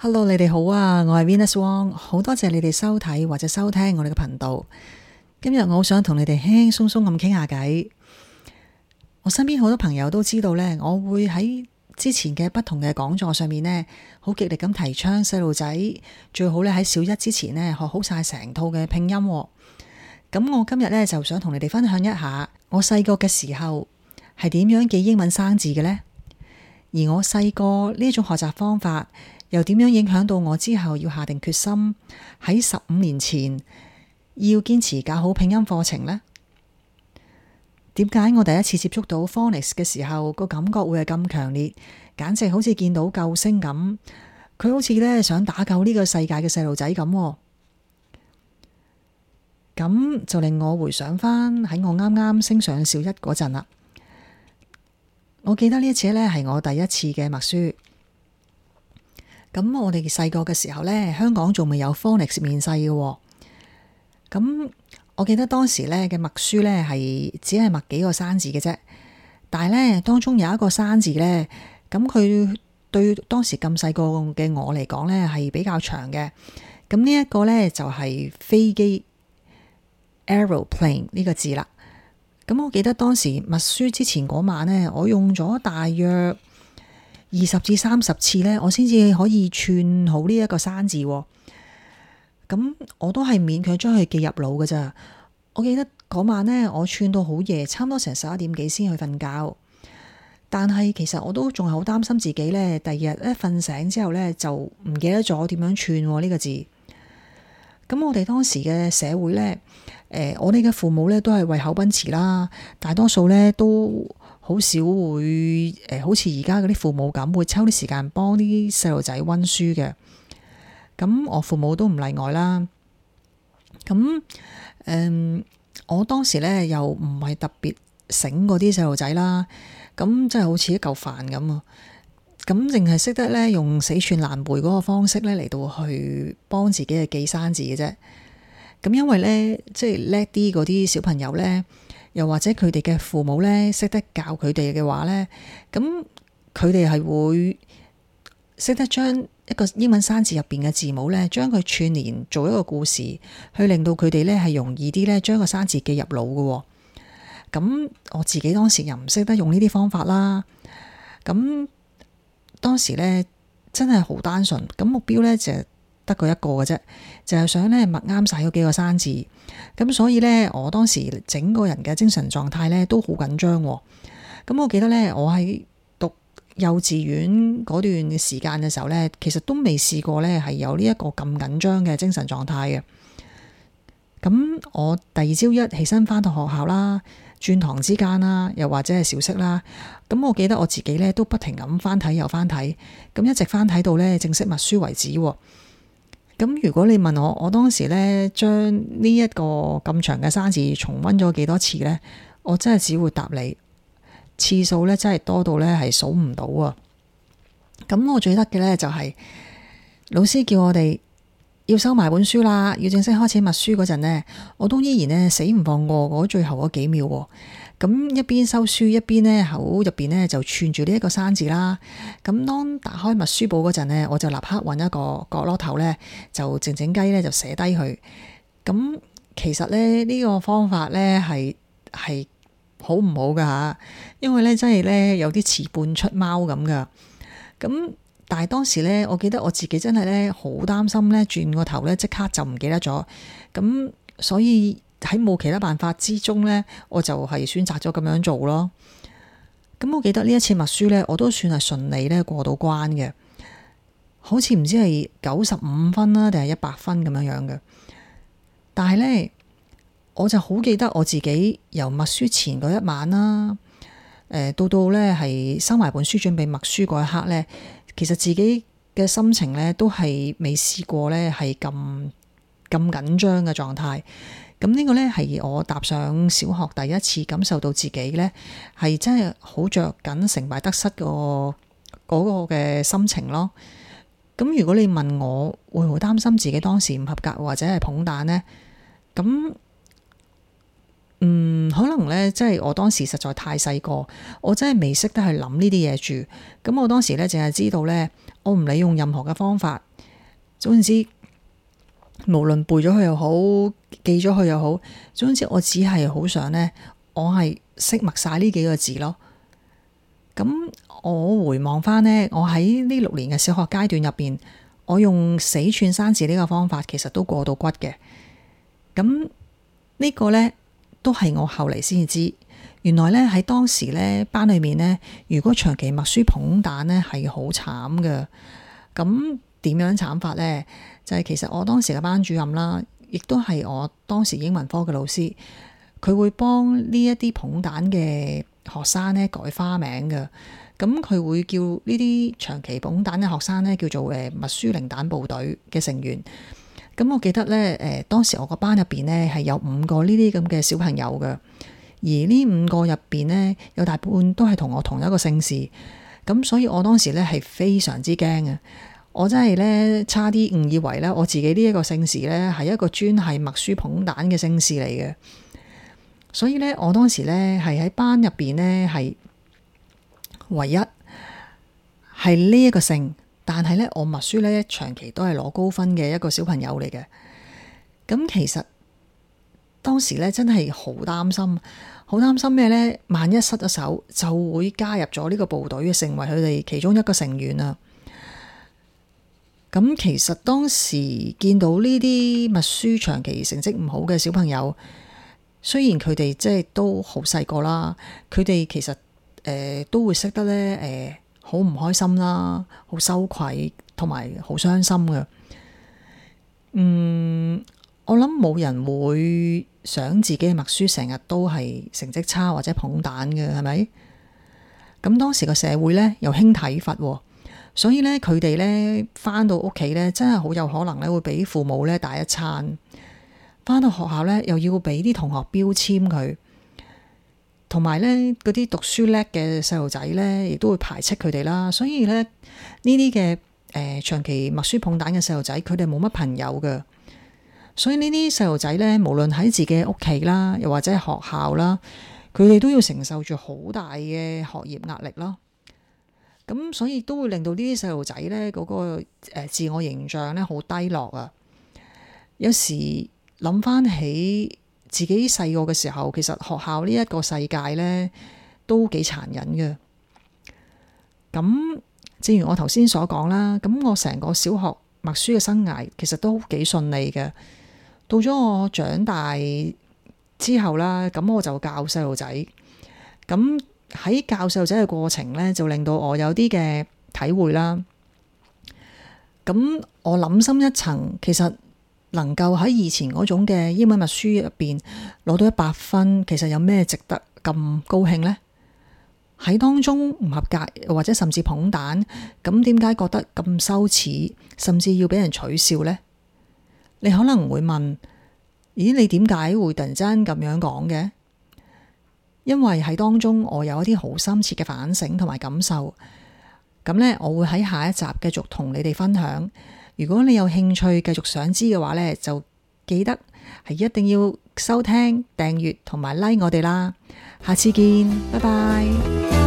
h e l l o 你哋好啊！我係 v e n u s Wong，好多謝你哋收睇或者收聽我哋嘅頻道。今日我好想同你哋輕輕鬆鬆咁傾下偈。我身邊好多朋友都知道呢，我會喺之前嘅不同嘅講座上面呢，好極力咁提倡細路仔最好呢喺小一之前呢學好晒成套嘅拼音，哦。咁我今日呢，就想同你哋分享一下我細個嘅時候係點樣記英文生字嘅呢。而我細個呢一種學習方法，又點樣影響到我之後要下定決心喺十五年前要堅持搞好拼音課程呢？點解我第一次接觸到 phonics 嘅時候，個感覺會係咁強烈，簡直好似見到救星咁。佢好似咧想打救呢個世界嘅細路仔咁。咁就令我回想翻喺我啱啱升上小一嗰陣啦。我記得呢一次咧係我第一次嘅默書，咁我哋細個嘅時候咧，香港仲未有 phonics 面世嘅。咁我記得當時咧嘅默書咧係只係默幾個生字嘅啫，但係咧當中有一個生字咧，咁佢對當時咁細個嘅我嚟講咧係比較長嘅，咁呢一個咧就係飛機 aeroplane 呢個字啦。咁我記得當時默書之前嗰晚呢，我用咗大約二十至三十次呢，我先至可以串好呢一個生字喎。咁我都係勉強將佢記入腦嘅咋，我記得嗰晚呢，我串到好夜，差唔多成十一點幾先去瞓覺。但係其實我都仲係好擔心自己呢，第二日一瞓醒之後呢，就唔記得咗點樣串喎呢個字。咁我哋當時嘅社會咧，誒、呃、我哋嘅父母咧都係為口奔馳啦，大多數咧都好少會誒、呃，好似而家嗰啲父母咁，會抽啲時間幫啲細路仔温書嘅。咁我父母都唔例外啦。咁誒、呃，我當時咧又唔係特別醒嗰啲細路仔啦。咁真係好似一嚿飯咁啊！咁，淨係識得咧用死串難背嗰個方式咧嚟到去幫自己去記生字嘅啫。咁，因為咧即係叻啲嗰啲小朋友咧，又或者佢哋嘅父母咧識得教佢哋嘅話咧，咁佢哋係會識得將一個英文生字入邊嘅字母咧，將佢串連做一個故事，去令到佢哋咧係容易啲咧將個生字記入腦嘅、哦。咁、嗯、我自己當時又唔識得用呢啲方法啦，咁、嗯。當時咧真係好單純，咁目標咧就係得佢一個嘅啫，就係想咧默啱晒嗰幾個生字，咁所以咧我當時整個人嘅精神狀態咧都好緊張。咁我記得咧我喺讀幼稚園嗰段時間嘅時候咧，其實都未試過咧係有呢一個咁緊張嘅精神狀態嘅。咁我第二朝一起身返到學校啦。轉堂之間啦，又或者係小息啦，咁我記得我自己咧都不停咁翻睇又翻睇，咁一直翻睇到咧正式默書為止。咁如果你問我，我當時咧將呢一個咁長嘅生字重溫咗幾多次咧，我真係只會答你，次數咧真係多到咧係數唔到啊！咁我最得嘅咧就係老師叫我哋，要收埋本書啦，要正式開始默書嗰陣呢，我都依然咧死唔放過我最後嗰幾秒喎。咁一邊收書，一邊呢口入邊呢就串住呢一個生字啦。咁當打開默書簿嗰陣呢，我就立刻搵一個角落頭呢，就靜靜雞呢，就寫低佢。咁其實咧呢個方法呢係係好唔好噶吓？因為呢真係呢，有啲似半出貓咁噶咁但係當時咧，我記得我自己真係咧好擔心咧，轉個頭咧即刻就唔記得咗咁，所以喺冇其他辦法之中咧，我就係選擇咗咁樣做咯。咁我記得呢一次默書咧，我都算係順利咧過到關嘅，好似唔知係九十五分啦，定係一百分咁樣樣嘅。但係咧，我就好記得我自己由默書前嗰一晚啦，誒、呃、到到咧係收埋本書準備默書嗰一刻咧。其實自己嘅心情咧，都係未試過咧，係咁咁緊張嘅狀態。咁呢個咧係我踏上小學第一次感受到自己咧，係真係好着緊成敗得失，嗰個，嗰個嘅心情咯。咁如果你問我會唔會擔心自己當時唔合格或者係捧蛋咧？咁嗯，可能咧，即係我當時實在太細個，我真係未識得去諗呢啲嘢住。咁我當時咧，淨係知道咧，我唔理用任何嘅方法。總之，無論背咗佢又好，記咗佢又好，總之我只係好想咧，我係識默晒呢幾個字咯。咁我回望翻咧，我喺呢六年嘅小學階段入邊，我用死串生字呢個方法，其實都過到骨嘅。咁呢個咧，都係我後嚟先知，原來咧喺當時咧班裏面咧，如果長期默書捧蛋咧係好慘嘅。咁點樣慘法咧？就係其實我當時嘅班主任啦，亦都係我當時英文科嘅老師，佢會幫呢一啲捧蛋嘅學生咧改花名嘅。咁佢會叫呢啲長期捧蛋嘅學生咧叫做誒，默書零蛋部隊嘅成員。咁我記得咧，誒，當時我個班入邊咧係有五個呢啲咁嘅小朋友嘅，而呢五個入邊咧，有大半都係同我同一個姓氏，咁所以我當時咧係非常之驚呀，我真係咧差啲誤以為咧我自己呢一個姓氏咧係一個專係默書捧蛋嘅姓氏嚟嘅，所以咧我當時咧係喺班入邊咧係唯一係呢一個姓。但係咧，我默書咧長期都係攞高分嘅一個小朋友嚟嘅。咁其實當時咧真係好擔心，好擔心咩咧？萬一失咗手，就會加入咗呢個部隊，成為佢哋其中一個成員啊！咁其實當時見到呢啲默書長期成績唔好嘅小朋友，雖然佢哋即係都好細個啦，佢哋其實誒、呃、都會識得咧誒。呃好唔開心啦，好羞愧，同埋好傷心嘅。嗯，我諗冇人會想自己嘅默書，成日都係成績差或者捧蛋嘅，係咪？咁當時個社會咧又興體罰喎，所以咧佢哋咧翻到屋企咧真係好有可能咧會俾父母咧打一餐，翻到學校咧又要俾啲同學標籤佢。同埋咧，嗰啲讀書叻嘅細路仔咧，亦都會排斥佢哋啦。所以咧，呢啲嘅誒長期默書捧蛋嘅細路仔，佢哋冇乜朋友㗎。所以呢啲細路仔咧，無論喺自己屋企啦，又或者學校啦，佢哋都要承受住好大嘅學業壓力咯。咁所以都會令到呢啲細路仔咧，嗰、嗰個、呃、自我形象咧好低落啊。有時諗翻起自己細個嘅時候，其實學校呢一個世界咧都幾殘忍嘅。咁正如我頭先所講啦，咁我成個小學默書嘅生涯其實都幾順利嘅。到咗我長大之後啦，咁我就教細路仔。咁喺教細路仔嘅過程咧，就令到我有啲嘅體會啦。咁我諗深一層，其實。能夠喺以前嗰種嘅英文默書入邊攞到一百分，其實有咩值得咁高興呢？喺當中唔合格或者甚至捧蛋，咁點解覺得咁羞恥，甚至要俾人取笑呢？你可能會問，咦，你點解會突然間咁樣講嘅？因為喺當中我有一啲好深切嘅反省同埋感受。咁呢，我會喺下一集繼續同你哋分享。如果你有興趣繼續想知嘅話咧，就記得係一定要收聽、訂閱同埋 like 我哋啦。下次見，拜拜。